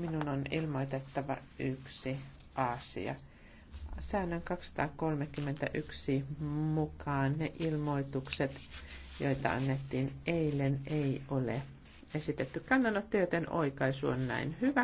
minun on ilmoitettava yksi asia. Säännön 231 mukaan ne ilmoitukset, joita annettiin eilen, ei ole esitetty kannanotto, joten oikaisu on näin hyvä.